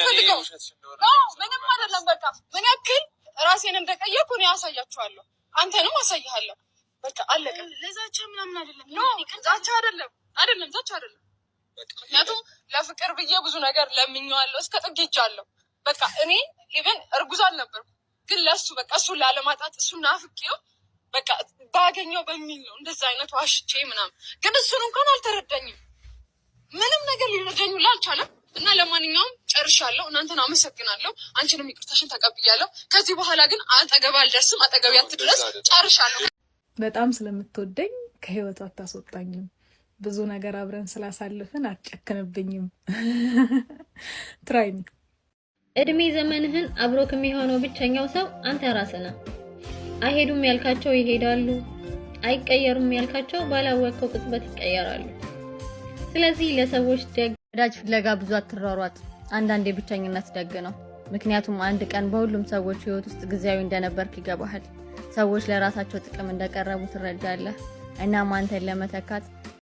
የምፈልገው ምንም አይደለም። በቃ ምን ያክል ራሴን እንደቀየርኩ እኔ አሳያችኋለሁ፣ አንተንም አሳይሃለሁ። በቃ አለቀ። ለዛቻ ምናምን አይደለም፣ ዛቻ አይደለም፣ አይደለም፣ ዛቻ አይደለም። ምክንያቱም ለፍቅር ብዬ ብዙ ነገር ለምኜዋለሁ፣ እስከ ጥግ ሄጃለሁ። በቃ እኔ ኢቨን እርጉዝ አልነበርኩ፣ ግን ለእሱ በቃ እሱን ላለማጣት እሱን ናፍቄው በቃ ባገኘው በሚል ነው እንደዛ አይነት ዋሽቼ ምናምን፣ ግን እሱን እንኳን አልተረዳኝም። ምንም ነገር ሊረዳኝ ላልቻለም እና ለማንኛውም ጨርሻለሁ። እናንተን አመሰግናለሁ። አንቺንም ይቅርታሽን ተቀብያለሁ። ከዚህ በኋላ ግን አጠገብ አልደርስም፣ አጠገብ ያትድረስ። ጨርሻለሁ። በጣም ስለምትወደኝ ከህይወቱ አታስወጣኝም። ብዙ ነገር አብረን ስላሳልፍን አትጨክንብኝም። ትራይሚ እድሜ ዘመንህን አብሮ ከሚሆነው ብቸኛው ሰው አንተ ራስህ ነህ። አይሄዱም ያልካቸው ይሄዳሉ፣ አይቀየሩም ያልካቸው ባላወቀው ቅጽበት ይቀየራሉ። ስለዚህ ለሰዎች ደግ ወዳጅ ፍለጋ ብዙ አትሯሯጥ። አንዳንድ ብቸኝነት ደግ ነው። ምክንያቱም አንድ ቀን በሁሉም ሰዎች ህይወት ውስጥ ጊዜያዊ እንደነበርክ ይገባሃል። ሰዎች ለራሳቸው ጥቅም እንደቀረቡ ትረዳለህ። እናም አንተን ለመተካት